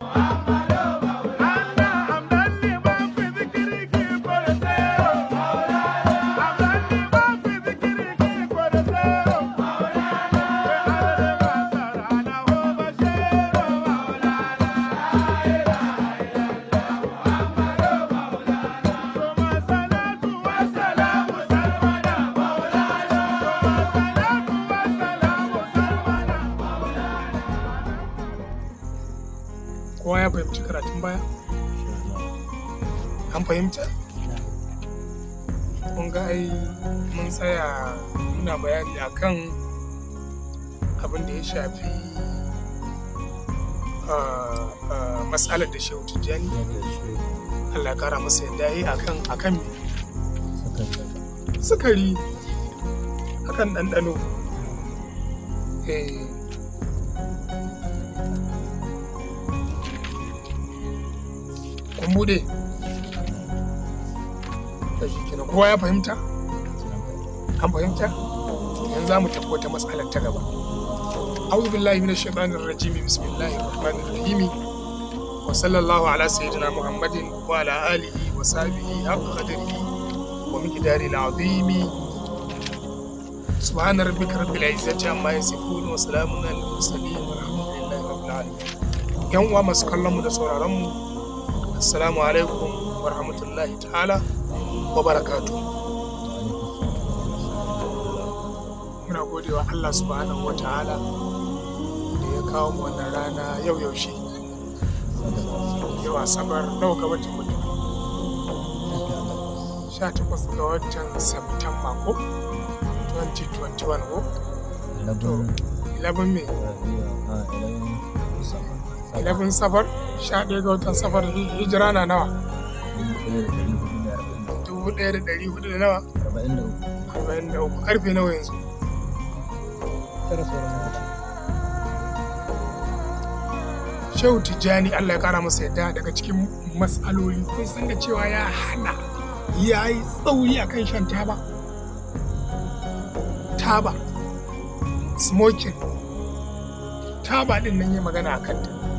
Mama. ci karatun baya an fahimta kun ga ai mun tsaya muna bayani akan abin da ya shafi matsalar da shehu jani allah kara masa yadda yi akan akan sukari akan ɗanɗano eh kun buɗe kowa ya fahimta? an fahimta? yanzu za mu tabbo ta matsalar ta gaba abu billahi mina shaɗanin rajimi bismillahi rahmanin rahimi wa sallallahu ala sayyidina muhammadin wa ala alihi wa sahbihi haka kadari wa min gidari na azimi subhanar rabbika rabbil izzati amma yasifun wa salamun alal mursalin wa rahmatullahi wa barakatuh yan uwa masu kallon mu da sauraron mu assalamu alaikum wa rahmatullahi ta'ala wa barakatu muna gode wa allah subhanahu wa ta'ala da ya kawo mu wannan rana yau yaushe yau asabar nawa ga watan mutum 18 ga watan september ko 2021 ko 11 11 safar 11 ga watan safar hijira na nawa 1400 da nawa 43 karfe nawa yanzu shehu tijjani allah ya kara masa yadda daga cikin matsaloli kun san da cewa ya hana ya yi tsauri a kan shan taba taba smoking taba din nan ya magana a kanta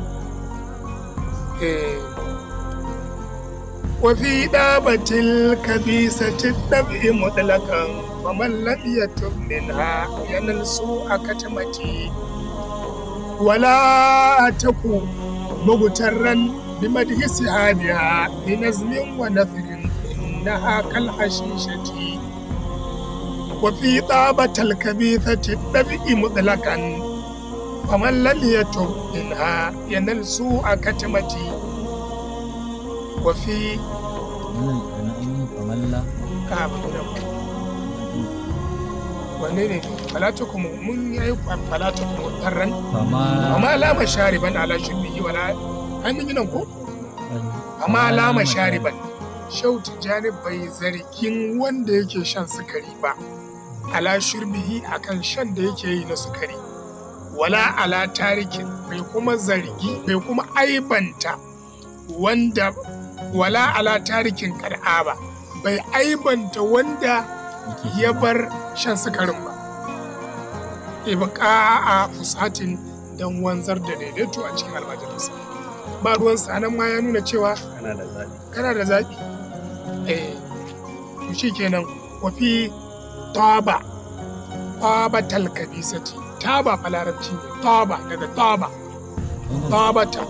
وفي دابة الكبيسة الدبء مطلقا ومن لم يتب منها ينل أكتمتي ولا تكو مغترا بمدهس سهامها بنزم ونفر إنها كالحشيشة وفي طابة الكبيثة الدفء مطلقا faman lam yatub minha su a katimati wa fi wane ne falatukum mun yayi falatukum tarran amma lama shariban ala biyu, wala ai mun yi nan ko amma lama shariban shauti janib bai zargin wanda yake shan sukari ba ala shurbihi akan shan da yake yi na sukari wala ala tarikin bai kuma zargi bai kuma aibanta wanda wala ala tarikin kar'a ba bai aibanta wanda ya bar shan sukarin ba ibqa a fusatin don wanzar da daidaito a cikin almajiransa ba ruwan sanan ma ya nuna cewa kana da zaɓi eh, shi kenan wafi taba taba sati taba fa larabci ne taba daga taba tabata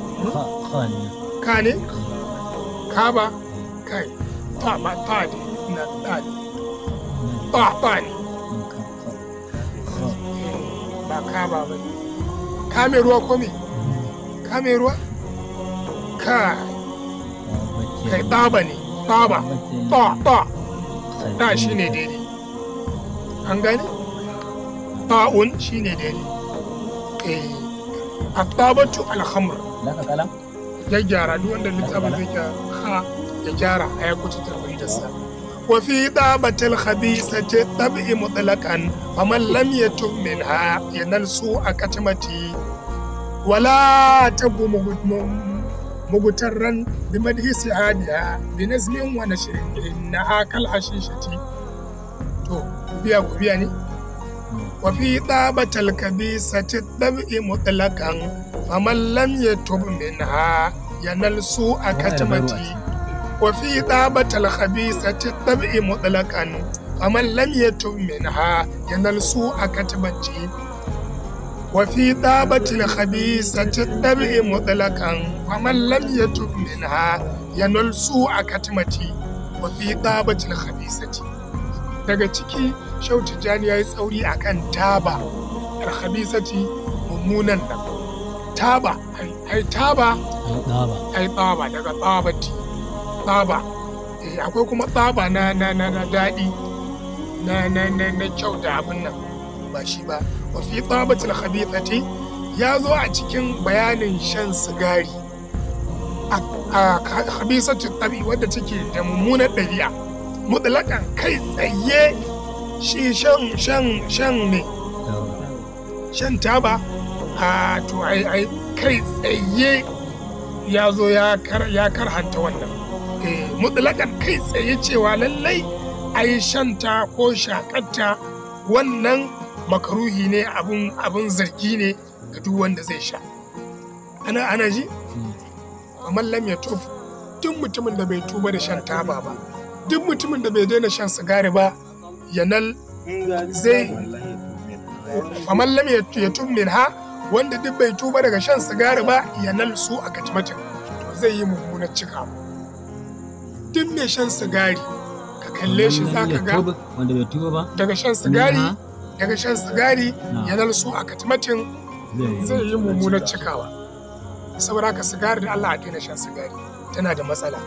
ka ne kaba kai taba ta ne na ta ne ta ta ne eh, ba kaba ba ne ka mai ruwa ko me ruwa kai taba ne taba ta ta ta shi ne daidai an gani? ta'un shine da eh atabatu alhamr laka naka kala ya gyara duk wanda littafin zai ka ha ya gyara ayi ya kuce tarbi da sa wa fi dabatil khabisati tab'i mutlaqan man lam yatum minha yanal su akatmati wala tabu mugutarran bi madhisi hadiya bi nazmin wa nashrin inna akal ashishati to biya ku biya ne Wa fi daabatar kabi satin ɗab'i mu ɗalakan, fa man lamya min ha, ya naltu akatima ji. Wa fi daabatar kabi satin ɗab'i mu ɗalakan, fa man lamya tub min ha, ya naltu akatima ji. Wa fi daabatar kabi satin ɗab'i mu ɗalakan, fa man lamya min ha, ya naltu akatima ji. Wa fi daabatar kabi satin. Daga ciki, shauti, Tijjani ya yi tsauri a kan taba, alhabisati mummunan da Taba, ai taba, ai taba daga tsabati, taba eh, Akwai kuma tsaba na na na na daɗi, na na na na kyau da abin nan ba shi ba. Wafi tsabati Khabisati. ya zo a cikin bayanin shan sigari. A habisatu tabi wadda take da mummunan ɗabi'a. mutlakan kai tsaye shi shan shan shan ne shan taba a to ai kai tsaye ya zo ya karhanta wannan eh, mutlakan kai tsaye cewa lallai ai shanta ko shakatta wannan makaruhi ne abin zargi ne ga duk wanda zai sha ana ana ji hmm. mallam ya tuf duk mutumin da bai tuba da shan taba ba duk mutumin da bai daina shan sigari ba ya zai faman lam ya tun min ha wanda duk bai tuba daga shan sigari ba ya su a katimatin to zai yi mummunar cika duk mai shan sigari ka kalle shi za ka ga daga shan sigari daga shan sigari ya su a katimatin zai yi mummunar cikawa saboda haka sigari da Allah a daina shan sigari tana da matsala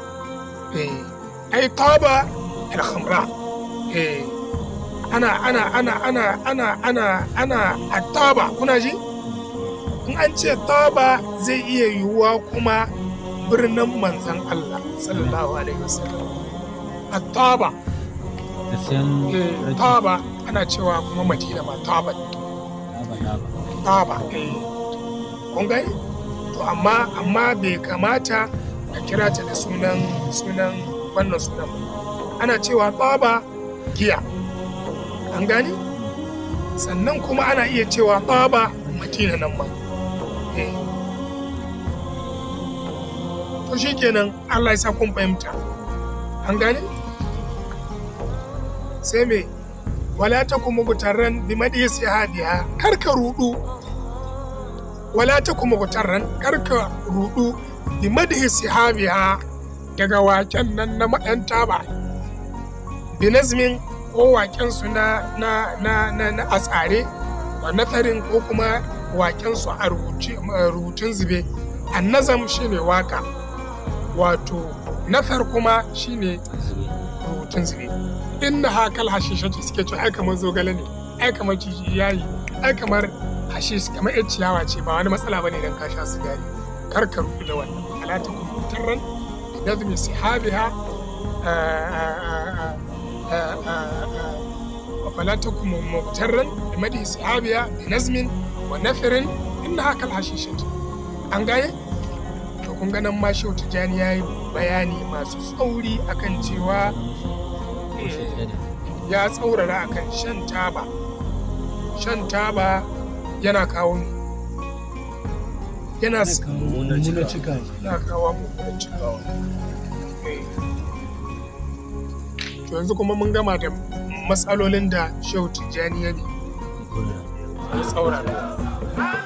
eh ai taba al khamra eh ana ana ana ana ana ana ana ataba kuna ji in an ce taba zai iya yiwuwa kuma birnin manzan Allah sallallahu alaihi wasallam ataba eh taba ana cewa kuma madina ma taba taba eh kun gani to amma amma bai kamata a kira ta da sunan sunan wannan sunan ana cewa Baba giya an gani sannan kuma ana iya cewa Baba madina nan ma eh. to shi kenan allah ya sa kun fahimta an gani sai me wala ta kuma gutarren bi madisi hadiya karka rudu wala ta kuma gutarren karka rudu bi madisi hadiya daga waken nan na maɗan taba binazmin ko su na na na na na asare wa nafarin ko kuma waken su a rubutun zube annazam shine waka wato nafar kuma shine rubutun zube In na hakal hashishe ce suke cewa ai kamar zogale ne ai kamar yayi ai kamar hashish kamar yan ciyawa ce ba wani matsala bane dan ka sha sigari kar ka rubu da wannan alata kun ran نظم سحابها وفلا تكن مغترا بمدح سحابها ya yi bayani masu tsauri akan cewa ya tsaurara akan shan taba shan taba yana kawo yana mummuna cika na kawo mummuna cika eh. to yanzu kuma mun gama da matsalolin da shehu tijjani ya ne tsaura